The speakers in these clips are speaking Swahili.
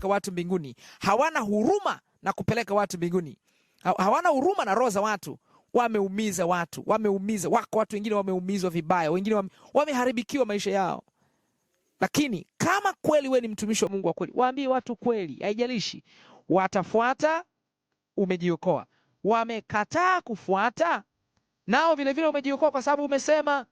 kupeleka watu mbinguni, hawana huruma na kupeleka watu mbinguni, hawana huruma na roho za watu. Wameumiza watu, wameumiza wako watu wengine, wameumizwa vibaya, wengine wame, wameharibikiwa maisha yao. Lakini kama kweli we ni mtumishi wa Mungu wa kweli, waambie watu kweli, haijalishi watafuata. Umejiokoa. Wamekataa kufuata, nao vilevile umejiokoa, kwa sababu umesema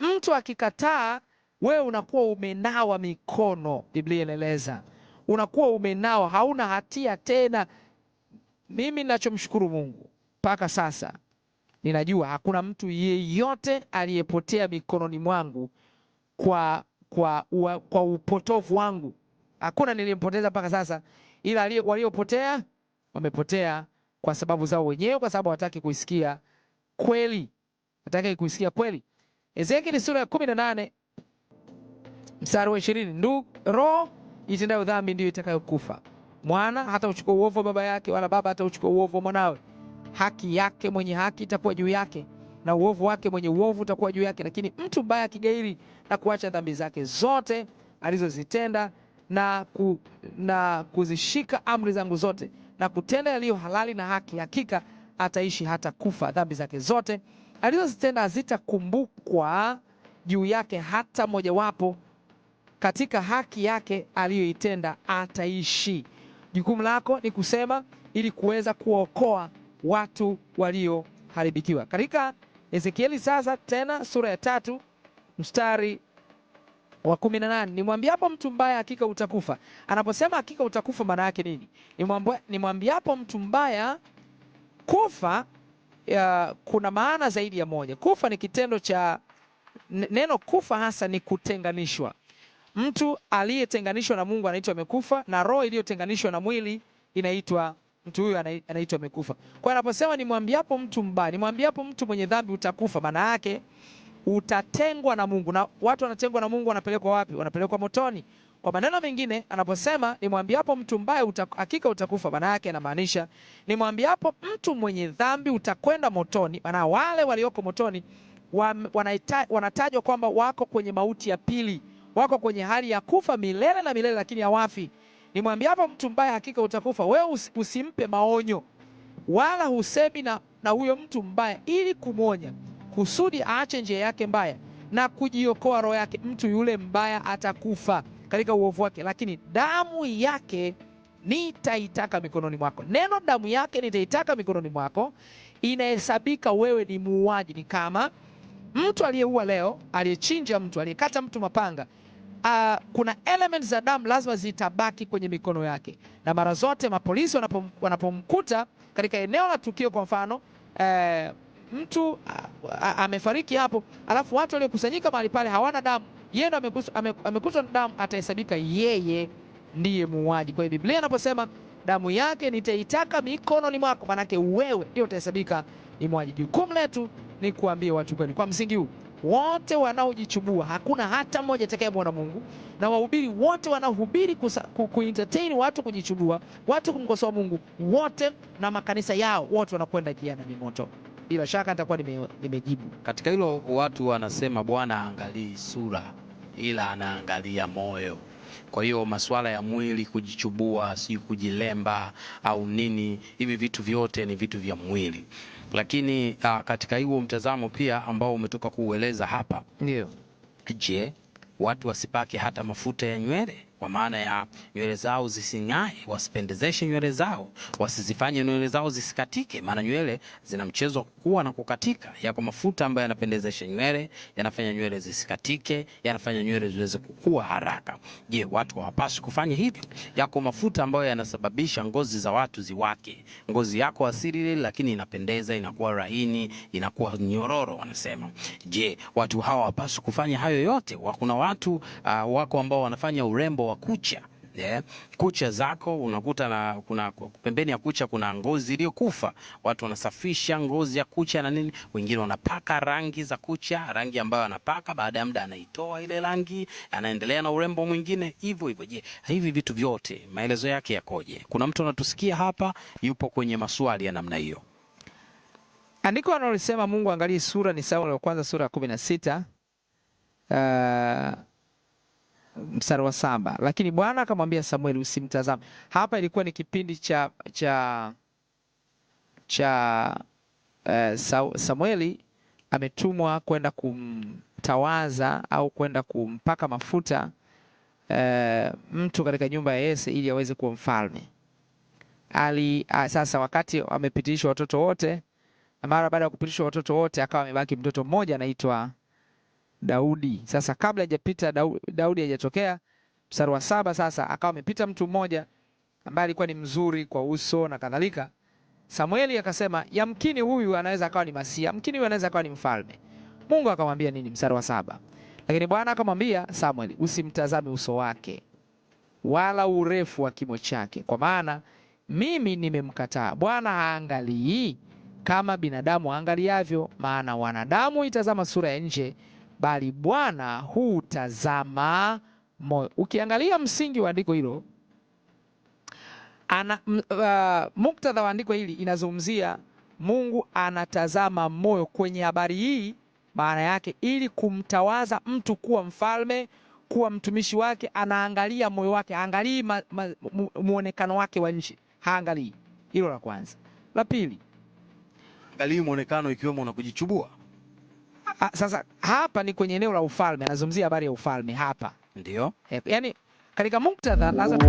mtu akikataa, wewe unakuwa umenawa mikono, Biblia inaeleza unakuwa umenao, hauna hatia tena. Mimi ninachomshukuru Mungu mpaka sasa ninajua hakuna mtu yeyote aliyepotea mikononi mwangu kwa, kwa, ua, kwa upotofu wangu. Hakuna niliyempoteza mpaka sasa, ila waliopotea wamepotea kwa sababu zao wenyewe, kwa sababu hawataki kuisikia kweli, hataki kuisikia kweli. Ezekieli sura ya kumi na nane mstari wa ishirini ndu roho itendayo dhambi ndiyo itakayokufa. Mwana hata uchukua uovu wa baba yake, wala baba hata uchukua uovu wa mwanawe. Haki yake mwenye haki itakuwa juu yake, na uovu wake mwenye uovu utakuwa juu yake. Lakini mtu mbaya akigairi na kuacha dhambi zake zote alizozitenda na, ku, na kuzishika amri zangu zote na kutenda yaliyo halali na haki, hakika ataishi hata kufa. Dhambi zake zote alizozitenda hazitakumbukwa juu yake hata mojawapo katika haki yake aliyoitenda ataishi. Jukumu lako ni kusema ili kuweza kuokoa watu walioharibikiwa. Katika Ezekieli sasa tena sura ya tatu mstari wa kumi na nane nimwambiapo mtu mbaya hakika utakufa. Anaposema hakika utakufa maana yake nini? Nimwambiapo mtu mbaya kufa ya, kuna maana zaidi ya moja. Kufa ni kitendo cha neno kufa hasa ni kutenganishwa Mtu aliyetenganishwa na Mungu anaitwa amekufa, na roho iliyotenganishwa na mwili inaitwa mtu huyo anaitwa amekufa. Kwa hiyo anaposema nimwambiapo mtu mbaya, nimwambiapo mtu mwenye dhambi utakufa, maana yake utatengwa na Mungu. Na watu wanatengwa na Mungu wanapelekwa wapi? Wanapelekwa motoni. Kwa maneno mengine, anaposema nimwambiapo mtu mbaya uta, hakika utakufa, maana yake anamaanisha nimwambiapo mtu mwenye dhambi utakwenda motoni, maana wale walioko motoni wanatajwa kwamba wako kwenye mauti ya pili wako kwenye hali ya kufa milele na milele, lakini hawafi. Nimwambia hapo mtu mbaya, hakika utakufa. Wewe usimpe maonyo wala husemi na, na huyo mtu mbaya ili kumwonya, kusudi aache njia yake mbaya na kujiokoa roho yake. Mtu yule mbaya atakufa katika uovu wake, lakini damu yake nitaitaka mikononi mwako. Neno damu yake nitaitaka mikononi mwako inahesabika wewe ni muuaji. Ni kama mtu aliyeua leo, aliyechinja mtu, aliyekata mtu mapanga uh, kuna elements za damu lazima zitabaki kwenye mikono yake, na mara zote mapolisi wanapomkuta katika eneo la tukio, kwa mfano eh, mtu ah, ah, amefariki hapo, alafu watu waliokusanyika mahali pale hawana damu, yeye ndo amekutwa na damu, atahesabika yeye ndiye muuaji. Kwa hiyo Biblia inaposema damu yake nitaitaka mikononi mwako, manake wewe ndio utahesabika ni muuaji. Jukumu letu ni kuambia watu kweli. Kwa msingi huu wote wanaojichubua, hakuna hata mmoja atakayemwona Mungu, na wahubiri wote wanaohubiri kuentertain watu kujichubua, watu kumkosoa Mungu, wote na makanisa yao wote wanakwenda jehanamu moto. Bila shaka nitakuwa nime, nimejibu katika hilo. Watu wanasema Bwana aangalii sura, ila anaangalia moyo. Kwa hiyo masuala ya mwili kujichubua, si kujilemba au nini, hivi vitu vyote ni vitu vya mwili. Lakini uh, katika hiyo mtazamo pia ambao umetoka kuueleza hapa, ndio, je, watu wasipake hata mafuta ya nywele? kwa maana ya nywele zao zising'ae, wasipendezeshe nywele zao, wasizifanye nywele zao zisikatike, maana nywele zina mchezo wa kukua na kukatika. Yako mafuta ambayo yanapendezesha nywele, yanafanya nywele zisikatike, yanafanya nywele ziweze kukua haraka. Je, watu hawapaswi kufanya hivyo? Yako mafuta ambayo yanasababisha ngozi za watu ziwake. Ngozi yako asili, ile, lakini inapendeza, inakuwa laini, inakuwa nyororo wanasema. Je, watu hawa hawapaswi kufanya hayo yote? Kuna watu uh, wako ambao wanafanya urembo wa kucha yeah. Kucha zako unakuta na kuna pembeni ya kucha kuna ngozi iliyokufa. Watu wanasafisha ngozi ya kucha na nini, wengine wanapaka rangi za kucha, rangi ambayo anapaka baada ya muda anaitoa ile rangi, anaendelea na urembo mwingine hivyo hivyo. Je, hivi vitu vyote maelezo yake yakoje? Kuna mtu anatusikia hapa yupo kwenye maswali ya namna hiyo. Andiko analisema Mungu angalie sura ni sawa na kwanza sura ya kumi na sita. Uh, mstari wa saba lakini Bwana akamwambia Samueli, usimtazame. Hapa ilikuwa ni kipindi cha cha cha uh, Samueli ametumwa kwenda kumtawaza au kwenda kumpaka mafuta uh, mtu katika nyumba ya Yese ili aweze kuwa mfalme. Ali sasa wakati amepitishwa watoto wote, mara baada ya kupitishwa watoto wote akawa amebaki mtoto mmoja anaitwa Daudi. Sasa kabla hajapita Daudi hajatokea mstari wa saba, sasa akawa amepita mtu mmoja ambaye alikuwa ni mzuri kwa uso na kadhalika. Samueli akasema yamkini huyu anaweza akawa ni Masia, yamkini huyu anaweza akawa ni mfalme. Mungu akamwambia nini? Mstari wa saba, lakini Bwana akamwambia Samuel, usimtazame uso wake wala urefu wa kimo chake, kwa maana mimi nimemkataa. Bwana haangalii kama binadamu aangaliavyo, maana wanadamu itazama sura ya nje bali Bwana hutazama moyo. Ukiangalia msingi wa andiko hilo ana, uh, muktadha wa andiko hili inazungumzia Mungu anatazama moyo kwenye habari hii, maana yake ili kumtawaza mtu kuwa mfalme, kuwa mtumishi wake, anaangalia moyo wake, haangalii muonekano wake wa nje, haangalii. Hilo la kwanza. La pili, angalii muonekano ikiwemo na kujichubua A, ah, sasa hapa ni kwenye eneo la ufalme, anazungumzia habari ya ufalme hapa, ndio eh, yani katika muktadha lazima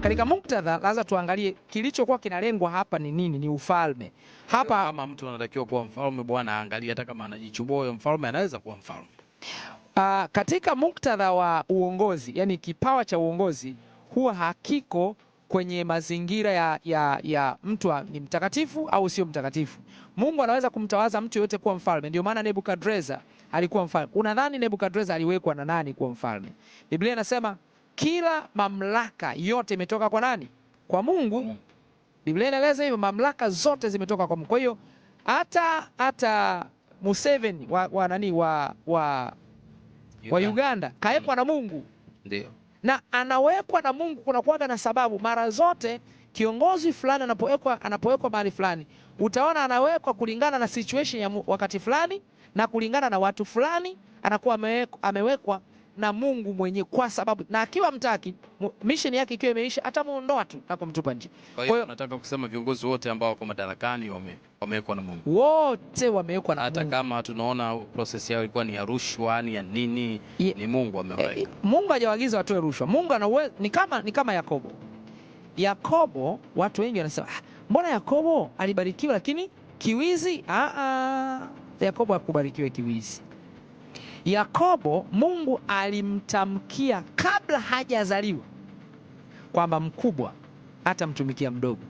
katika muktadha lazima tuangalie kilichokuwa kinalengwa hapa ni nini? Ni ufalme hapa. Kama mtu anatakiwa kuwa mfalme, bwana aangalie, hata kama anajichubua huyo mfalme, anaweza kuwa mfalme uh, katika muktadha wa uongozi, yani kipawa cha uongozi huwa hakiko kwenye mazingira ya, ya, ya mtu ni mtakatifu au sio mtakatifu. Mungu anaweza kumtawaza mtu yote kuwa mfalme. Ndio maana Nebukadreza alikuwa mfalme. Unadhani Nebukadreza aliwekwa na nani kuwa mfalme? Biblia inasema kila mamlaka yote imetoka kwa nani? Kwa Mungu. Biblia inaeleza hivyo, mamlaka zote zimetoka kwa Mungu. Kwa hiyo hata hata Museveni wa, wa nani wa, wa, Uganda, wa Uganda kaekwa na Mungu. Ndio na anawekwa na Mungu kunakuwaga na sababu. Mara zote kiongozi fulani anapowekwa anapowekwa mahali fulani, utaona anawekwa kulingana na situation ya wakati fulani na kulingana na watu fulani, anakuwa amewekwa na Mungu mwenyewe, kwa sababu na akiwa mtaki mission yake ikiwa imeisha atamuondoa tu na kumtupa nje. Kwa hiyo nataka kusema viongozi wote ambao wako madarakani wame wamewekwa na Mungu, wote wamewekwa na hata Mungu. Kama tunaona process yao ilikuwa ni ya rushwa ni ya nini Ye, ni Mungu ameweka. E, Mungu hajawaagiza watoe rushwa. Mungu ana ni kama ni kama Yakobo. Yakobo, watu wengi wanasema ah, mbona Yakobo alibarikiwa lakini kiwizi? Ah, ah. Yakobo hakubarikiwa kiwizi Yakobo Mungu alimtamkia kabla hajazaliwa kwamba mkubwa hata mtumikia mdogo.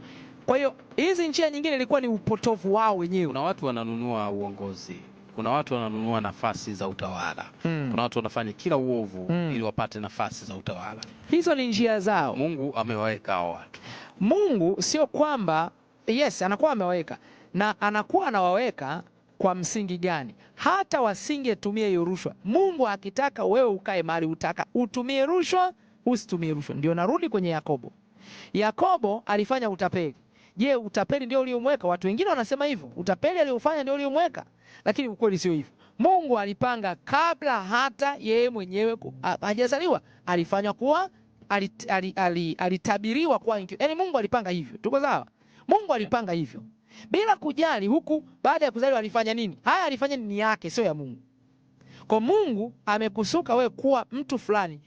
Kwa hiyo hizi njia nyingine ilikuwa ni upotovu wao wenyewe. Kuna watu wananunua uongozi, kuna watu wananunua nafasi za utawala hmm. Kuna watu wanafanya kila uovu hmm. ili wapate nafasi za utawala. Hizo ni njia zao. Mungu amewaweka hao watu. Mungu sio kwamba yes, anakuwa amewaweka na anakuwa anawaweka kwa msingi gani? Hata wasingetumia hiyo rushwa, Mungu akitaka wewe ukae mahali utaka, utumie rushwa usitumie rushwa. Ndio narudi kwenye Yakobo. Yakobo alifanya utapeli. Je, utapeli ndio uliomweka? Watu wengine wanasema hivyo, utapeli aliofanya ndio uliomweka, lakini ukweli sio hivyo. Mungu alipanga kabla hata yeye mwenyewe hajazaliwa, alifanywa kuwa alit, al, al, alitabiriwa kuwa, yaani Mungu alipanga hivyo. Tuko sawa? Mungu alipanga hivyo bila kujali huku baada ya kuzaliwa alifanya nini. Haya alifanya ni yake, sio ya Mungu. Kwa Mungu amekusuka we kuwa mtu fulani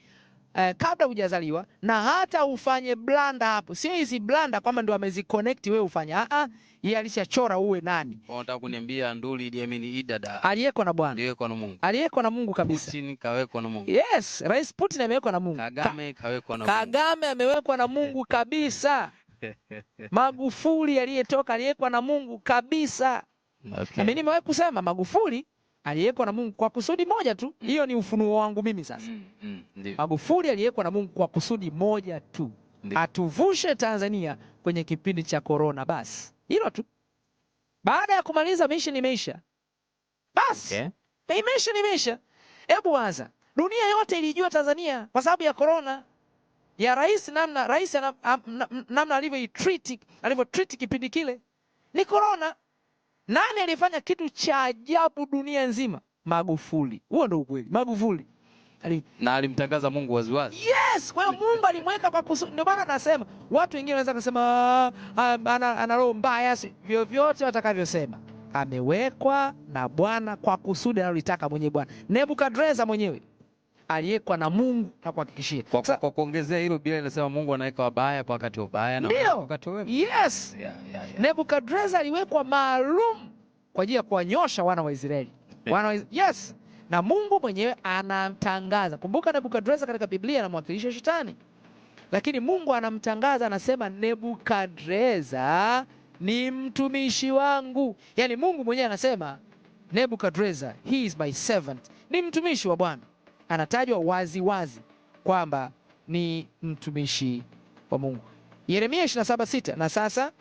eh, kabla hujazaliwa, na hata ufanye blanda hapo. Sio hizi blanda kwamba ndio ameziconnect wewe ufanye. Ah ah, yeye alishachora uwe nani. Kwa nataka kuniambia nduli iliamini idada. Aliyeko na Bwana. Aliyeko na Mungu. Aliyeko na Mungu kabisa. Putin kawekwa na Mungu. Yes, Rais Putin amewekwa na Mungu. Kagame kawekwa na Mungu. Kagame amewekwa na Mungu eh. kabisa. Magufuli aliyetoka aliyekwa na Mungu kabisa. Okay. Mimi nimewahi kusema Magufuli aliyekwa na Mungu kwa kusudi moja tu. Mm. Hiyo ni ufunuo wangu mimi sasa. Mm, mm, Ndiyo. Magufuli aliyekwa na Mungu kwa kusudi moja tu. Ndiyo. Atuvushe Tanzania kwenye kipindi cha korona basi. Hilo tu. Baada ya kumaliza mission imeisha. Basi. Okay. Mission imeisha. Hebu waza. Dunia yote ilijua Tanzania kwa sababu ya korona ya rais, namna rais nam, nam, namna alivyo treat kipindi kile ni corona. Nani alifanya kitu cha ajabu dunia nzima? Magufuli. Huo ndio ukweli. Magufuli Ali, na alimtangaza Mungu waziwazi. Yes, kwa hiyo Mungu alimweka kwa kusu... Ndio maana nasema watu wengine wanaweza kusema ah, ah, ana, ana roho mbaya, vyovyote watakavyosema. Amewekwa na Bwana kwa kusudi analolitaka mwenyewe Bwana. Nebukadreza mwenyewe aliyekwa na Mungu na kuhakikishia. Kwa kuongezea hilo, Biblia inasema Mungu anaweka wabaya kwa wakati wabaya na wakati wema. Yes. Yeah, yeah, yeah. Nebukadreza aliwekwa maalum kwa ajili ya kuwanyosha wana wa Israeli. Eh. Wana wa Yes. Na Mungu mwenyewe anamtangaza. Kumbuka Nebukadreza katika Biblia anamwakilisha shetani. Lakini Mungu anamtangaza anasema, Nebukadreza ni mtumishi wangu. Yaani Mungu mwenyewe anasema Nebukadreza, he is my servant. Ni mtumishi wa Bwana anatajwa waziwazi kwamba ni mtumishi wa Mungu. Yeremia 27:6 na sasa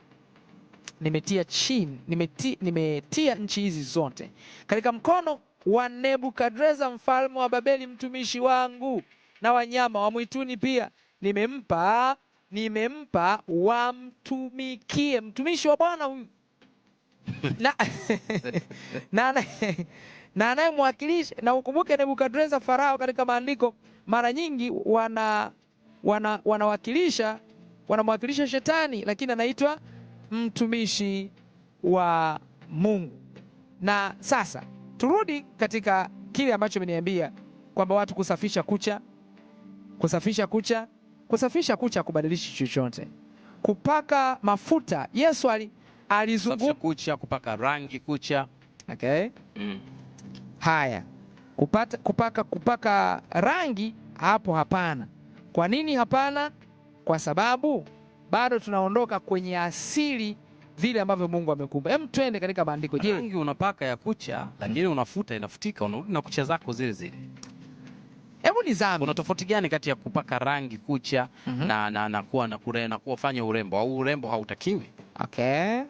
nimetia chini, nimeti, nimetia nchi hizi zote katika mkono wa Nebukadreza mfalme wa Babeli mtumishi wangu, na wanyama wa mwituni pia nimempa, nimempa wamtumikie. Mtumishi wa Bwana huyu na, na, na anayemwakilisha na ukumbuke, Nebukadreza Farao katika maandiko mara nyingi wana wana wanawakilisha wanamwakilisha shetani, lakini anaitwa mtumishi wa Mungu. Na sasa turudi katika kile ambacho ameniambia kwamba watu kusafisha kucha, kusafisha kucha, kusafisha kucha kubadilishi chochote, kupaka mafuta. Yesu ali kucha, kupaka rangi kucha, okay. mm. Haya, kupata, kupaka, kupaka rangi hapo hapana. Kwa nini hapana? Kwa sababu bado tunaondoka kwenye asili vile ambavyo Mungu amekumba Hem, twende katika maandiko. Je, rangi unapaka ya kucha, lakini unafuta inafutika, unarudi na kucha zako zile zile. Hebu nizame. Kuna tofauti gani kati ya kupaka rangi kucha mm -hmm. na na na kuwa na kure na kufanya urembo au urembo hautakiwi? Okay.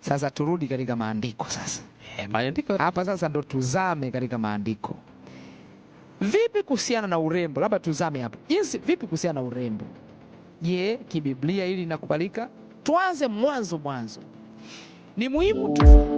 Sasa turudi katika maandiko sasa. Eh, maandiko hapa sasa ndo tuzame katika maandiko. Vipi kuhusiana na urembo? Labda tuzame hapa. Jinsi vipi kuhusiana na urembo? Je, kibiblia hili linakubalika? Tuanze mwanzo mwanzo. Ni muhimu tu